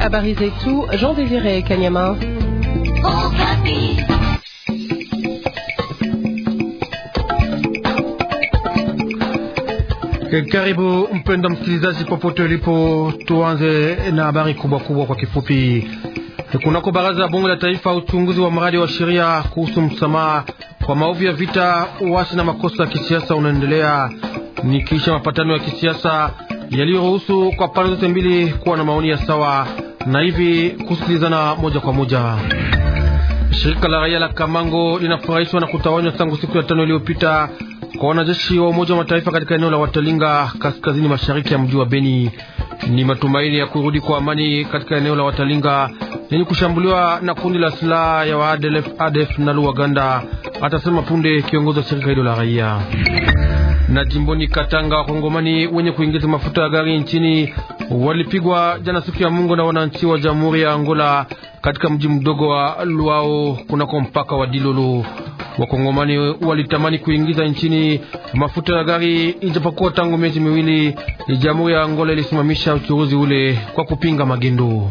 Habari zetu Jean Désiré Kanyama. Eh, karibu mpenda msikilizaji, popote ulipo, tuanze na habari kubwa kubwa kwa kifupi. Kunako baraza la bunge la taifa, uchunguzi wa mradi wa sheria kuhusu msamaha kwa maovu ya vita, uasi na makosa ya kisiasa unaendelea. Ni kisha mapatano ya kisiasa yaliyoruhusu kwa pande zote mbili kuwa na maoni ya sawa na hivi kusikilizana moja kwa moja. Shirika la raia la Kamango linafurahishwa na kutawanywa tangu siku ya tano iliyopita kwa wanajeshi wa Umoja wa Mataifa katika eneo la Watalinga kaskazini mashariki ya mji wa Beni. Ni matumaini ya kurudi kwa amani katika eneo la Watalinga lenye kushambuliwa na kundi la silaha ya wa ADF, ADF na Luaganda, atasema punde kiongozi wa shirika hilo la raia na jimboni Katanga, wakongomani wenye kuingiza mafuta ya gari nchini walipigwa jana siku ya Mungu na wananchi wa Jamhuri ya Angola katika mji mdogo wa Luao kunako mpaka wa Dilolo. Wakongomani walitamani kuingiza nchini mafuta ya gari, ijapokuwa tangu miezi miwili Jamhuri ya Angola ilisimamisha uchuruzi ule kwa kupinga magendo. Oh,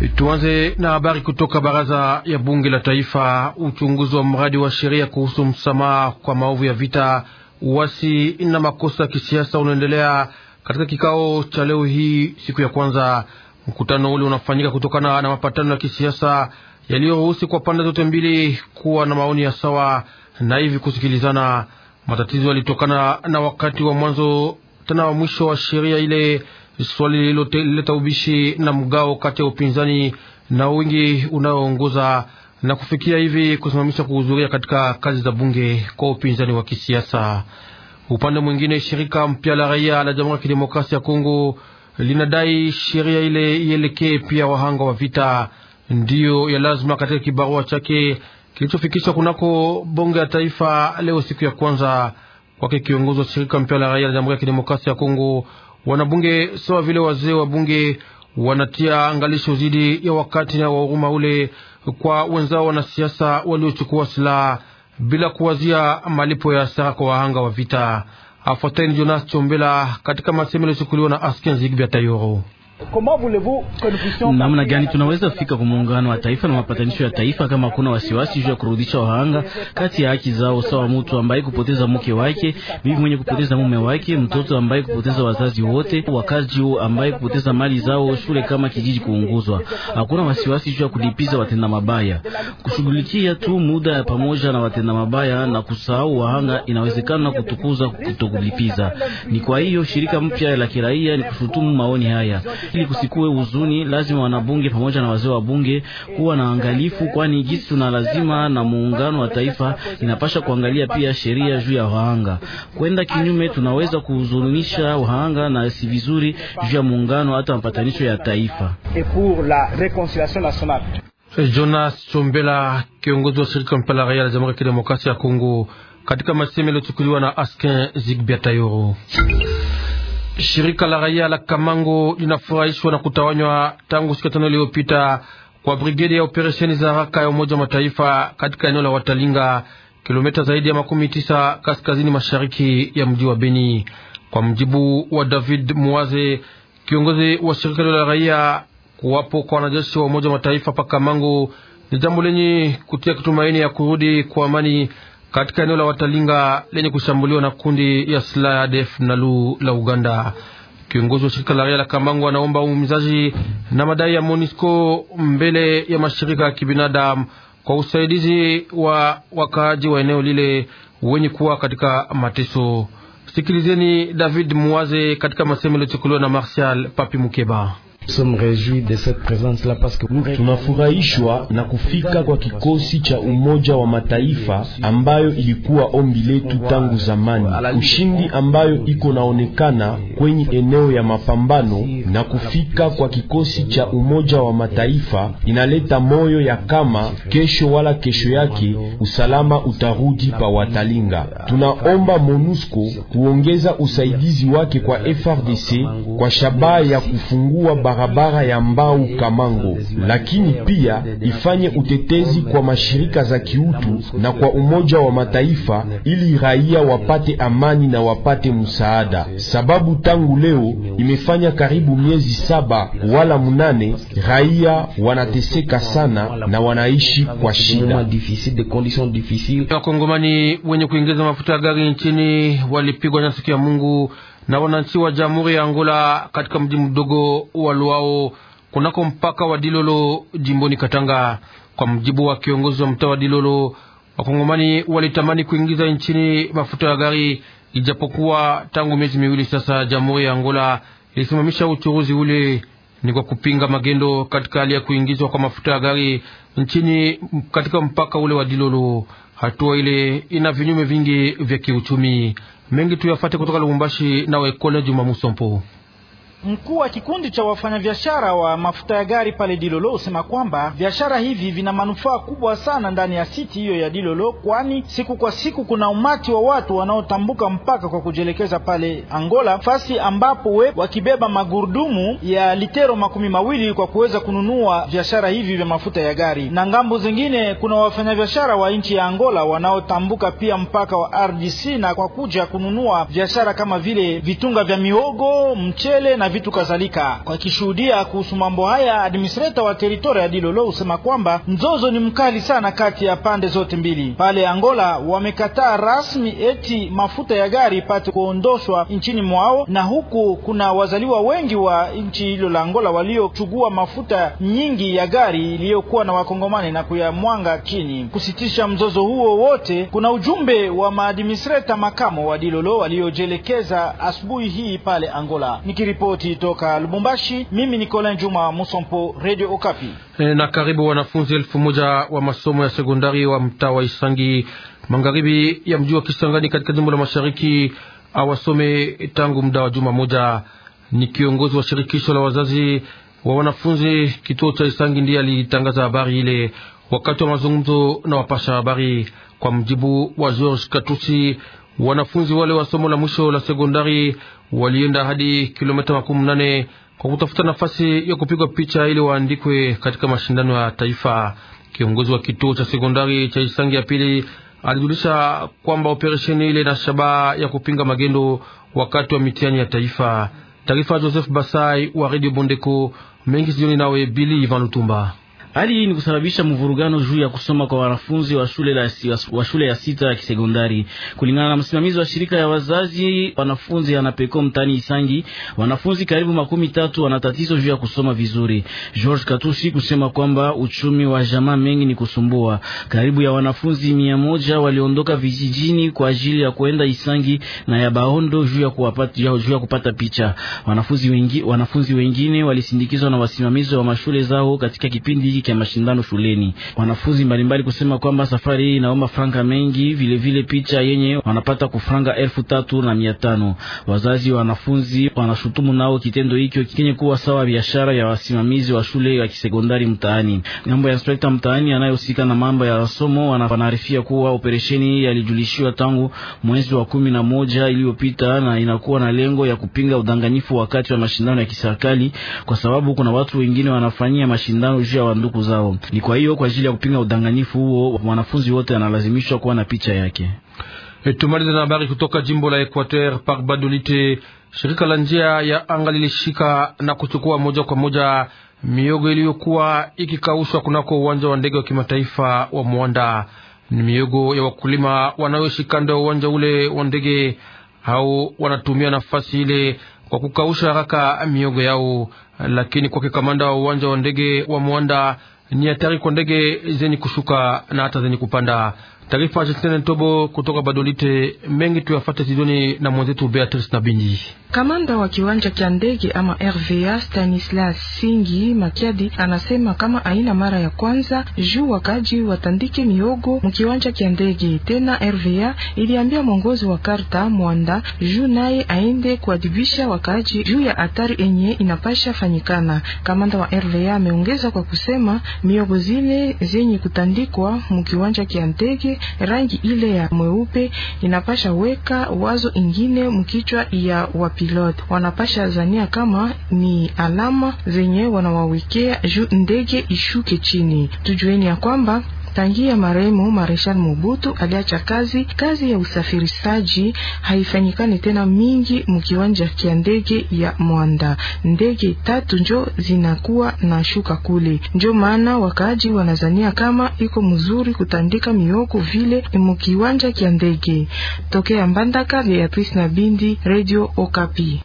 Eh, tuanze na habari kutoka baraza ya bunge la taifa. Uchunguzi wa mradi wa sheria kuhusu msamaha kwa maovu ya vita, uasi na makosa ya kisiasa unaendelea katika kikao cha leo hii, siku ya kwanza. Mkutano ule unafanyika kutokana na mapatano ya kisiasa yaliyoruhusi kwa pande zote mbili kuwa na maoni ya sawa na hivi kusikilizana. Matatizo yalitokana na wakati wa mwanzo tena wa mwisho wa sheria ile swali lililoleta ubishi na mgao kati ya upinzani na wingi unaoongoza na kufikia hivi kusimamisha kuhudhuria katika kazi za bunge kwa upinzani wa kisiasa. Upande mwingine, shirika mpya la raia la Jamhuri ya Kidemokrasia ya Kongo linadai sheria ile ielekee pia wahanga wa vita, ndiyo ya lazima katika kibarua chake kilichofikishwa kunako bunge ya taifa leo siku ya kwanza. Kwake kiongozi wa shirika mpya la raia la Jamhuri ya Kidemokrasia ya Kongo, Wanabunge sawa vile wazee wa bunge wanatia angalisho zidi ya wakati na wahuruma ule kwa wenzao wanasiasa waliochukua silaha bila kuwazia malipo ya hasara kwa wahanga wa vita. Afuateni Jonas Chombela katika masemo yaliyochukuliwa na Asken Zigbia Tayoro namna gani tunaweza fika kwa muungano wa taifa na mapatanisho ya taifa kama hakuna wasiwasi juu ya kurudisha wahanga kati ya haki zao sawa, mtu ambaye kupoteza mke wake, bibi mwenye kupoteza mume wake, mtoto ambaye kupoteza wazazi wote, wakazi ambaye kupoteza mali zao, shule kama kijiji kuunguzwa. Hakuna wasiwasi juu ya kulipiza watenda mabaya, kushughulikia tu muda ya pamoja na watenda mabaya na kusahau wahanga, inawezekana kutukuza kutokulipiza. Ni kwa hiyo shirika mpya la kiraia ni kushutumu maoni haya ili kusikue huzuni, lazima wanabunge pamoja na wazee wa bunge kuwa na angalifu, kwani jinsi tuna lazima na muungano wa taifa inapasha kuangalia pia sheria juu ya wahanga. Kwenda kinyume, tunaweza kuhuzunisha wahanga na si vizuri juu ya muungano hata mapatanisho ya taifa. Jonas Chombela, kiongozi wa shirika mpela raia la Jamhuri ya Kidemokrasia ya Kongo, katika maseme yaliyochukuliwa na Askin Zigbiatayoro. Shirika la raia la Kamango linafurahishwa na kutawanywa tangu siku tano iliyopita kwa brigedi ya operesheni za haraka ya Umoja wa Mataifa katika eneo la Watalinga, kilomita zaidi ya makumi tisa kaskazini mashariki ya mji wa Beni. Kwa mjibu wa David Muwaze, kiongozi wa shirika hilo la raia, kuwapo kwa wanajeshi wa Umoja wa Mataifa pa Kamango ni jambo lenye kutia kitumaini ya kurudi kwa amani katika eneo la Watalinga lenye kushambuliwa na kundi ya silaha ya adf nalu la Uganda. Kiongozi wa shirika la raia la kambangu anaomba uumizaji na madai ya Monisco mbele ya mashirika ya kibinadamu kwa usaidizi wa wakaaji wa eneo lile wenye kuwa katika mateso. Sikilizeni David Muwaze katika masemo yaliyochukuliwa na Martial Papi Mukeba. Tunafurahishwa na kufika kwa kikosi cha Umoja wa Mataifa ambayo ilikuwa ombi letu tangu zamani. Ushindi ambayo iko naonekana kwenye eneo ya mapambano na kufika kwa kikosi cha Umoja wa Mataifa inaleta moyo ya kama kesho wala kesho yake usalama utarudi pa Watalinga. Tunaomba MONUSCO kuongeza usaidizi wake kwa FRDC kwa shabaha ya kufungua barabara ya Mbau Kamango, lakini pia ifanye utetezi kwa mashirika za kiutu na kwa Umoja wa Mataifa ili raia wapate amani na wapate msaada, sababu tangu leo imefanya karibu miezi saba wala munane, raia wanateseka sana na wanaishi kwa shida. Wakongomani wenye kuingiza mafuta ya gari nchini walipigwa na siku ya Mungu na wananchi wa Jamhuri ya Angola katika mji mdogo wa Luao kunako mpaka wa Dilolo jimboni Katanga. Kwa mjibu wa kiongozi wa mtaa wa Dilolo, wakongomani walitamani kuingiza nchini mafuta ya gari, ijapokuwa tangu miezi miwili sasa Jamhuri ya Angola ilisimamisha uchuruzi ule. Ni kwa kupinga magendo katika hali ya kuingizwa kwa mafuta ya gari nchini katika mpaka ule wa Dilolo. Hatua ile ina vinyume vingi vya kiuchumi mengi tuyafate kutoka Lubumbashi, nawe Kole Juma Musompo. Mkuu wa kikundi cha wafanyabiashara wa mafuta ya gari pale Dilolo husema kwamba biashara hivi vina manufaa kubwa sana ndani ya siti hiyo ya Dilolo, kwani siku kwa siku kuna umati wa watu wanaotambuka mpaka kwa kujielekeza pale Angola, fasi ambapo we wakibeba magurudumu ya litero makumi mawili kwa kuweza kununua biashara hivi vya mafuta ya gari. Na ngambo zingine kuna wafanyabiashara wa nchi ya Angola wanaotambuka pia mpaka wa RDC na kwa kuja kununua biashara kama vile vitunga vya mihogo, mchele na na vitu kadhalika. Kwa kishuhudia kuhusu mambo haya, administrator wa teritoria ya Dilolo husema kwamba mzozo ni mkali sana kati ya pande zote mbili. Pale Angola wamekataa rasmi eti mafuta ya gari ipate kuondoshwa nchini mwao, na huku kuna wazaliwa wengi wa nchi hilo la Angola waliochugua mafuta nyingi ya gari iliyokuwa na wakongomani na kuyamwanga chini. Kusitisha mzozo huo wote, kuna ujumbe wa maadministreta makamo wa Dilolo waliojelekeza asubuhi hii pale Angola. Nikiripoti ripoti toka Lubumbashi, mimi ni Colin Juma Musompo, Radio Okapi. Eh, na karibu wanafunzi elfu moja wa masomo ya sekondari wa mtaa wa Isangi magharibi ya mji wa Kisangani katika jimbo la Mashariki awasome tangu muda wa juma moja. Ni kiongozi wa shirikisho la wazazi wa wanafunzi kituo cha Isangi ndiye alitangaza habari ile wakati wa mazungumzo na wapasha habari. Kwa mjibu wa George Katusi, Wanafunzi wale wa somo la mwisho la sekondari walienda hadi kilomita makumi nane kwa kutafuta nafasi ya kupigwa picha ili waandikwe katika mashindano ya taifa. Kiongozi wa kituo cha sekondari cha Isangi ya pili alijulisha kwamba operesheni ile na shabaha ya kupinga magendo wakati wa mitihani ya taifa. Taarifa ya Joseph Basai wa redio Bondeko mengi sijoni nawe Bili Ivan Lutumba. Hali hii ni kusababisha mvurugano juu ya kusoma kwa wanafunzi wa shule, la, wa shule ya sita ya kisekondari. Kulingana na msimamizi wa shirika ya wazazi wanafunzi anapeko mtani Isangi, wanafunzi karibu makumi tatu wana tatizo juu ya kusoma vizuri. George Katushi kusema kwamba uchumi wa jamaa mengi ni kusumbua. Karibu ya wanafunzi mia moja waliondoka vijijini kwa ajili ya kuenda Isangi na ya Baondo juu ya, kuwapata, juu ya kupata picha. Wanafunzi, wengi, wanafunzi wengine walisindikizwa na wasimamizi wa mashule zao katika kipindi hiki kushiriki ya mashindano shuleni. Wanafunzi mbalimbali kusema kwamba safari hii inaomba franga mengi, vilevile vile picha yenye wanapata kufranga elfu tatu na mia tano. Wazazi wa wanafunzi wanashutumu nao kitendo hicho kenye kuwa sawa biashara ya wasimamizi wa shule ya kisekondari mtaani. Ngambo ya inspekta mtaani anayehusika na mambo ya masomo wanaarifia kuwa operesheni hii yalijulishiwa tangu mwezi wa kumi na moja iliyopita na inakuwa na lengo ya kupinga udanganyifu wakati wa mashindano ya kiserikali, kwa sababu kuna watu wengine wanafanyia mashindano juu ya wanduku siku zao. Ni kwa hiyo kwa ajili ya kupinga udanganyifu huo, wanafunzi wote analazimishwa kuwa na picha yake. E, tumalize na habari kutoka jimbo la Equateur Park Badolite. Shirika la njia ya anga lilishika na kuchukua moja kwa moja miogo iliyokuwa ikikaushwa kunako uwanja wa ndege wa kimataifa wa Mwanda. Ni miogo ya wakulima wanaoishi kando ya uwanja ule wa ndege, au wanatumia nafasi ile kwa kukausha haraka miogo yao lakini kwake kamanda wa uwanja wa ndege wa Mwanda ni hatari kwa ndege zenye kushuka na hata zenye kupanda. Taarifa Justin Ntobo kutoka Badolite. Mengi tuyafate sizoni na mwenzetu Beatrice Nabindi. Kamanda wa kiwanja cha ndege ama RVA Stanislas Singi Makiadi anasema kama aina mara ya kwanza juu wakaji watandike miogo mkiwanja cha ndege tena. RVA iliambia mwongozi wa karta Mwanda juu naye aende kuadibisha wakaji juu ya hatari enye inapasha fanyikana. Kamanda wa RVA ameongeza kwa kusema miogo zile zenye kutandikwa mkiwanja cha ndege rangi ile ya mweupe inapasha weka wazo ingine mkichwa ya wapilot, wanapasha zania kama ni alama zenye wanawawekea juu ndege ishuke chini. Tujueni ya kwamba Tangia marehemu Mareshal Mobutu aliacha kazi, kazi ya usafirishaji haifanyikani tena mingi mkiwanja kia ndege ya Mwanda. Ndege tatu njo zinakuwa na shuka kule, njo maana wakaaji wanazania kama iko mzuri kutandika mioko vile mkiwanja kia ndege. Tokea Mbandaka, Beatrice na Bindi, Radio Okapi.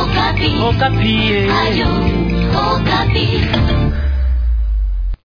Okapi. Okapi. Eh. Ayu, Okapi.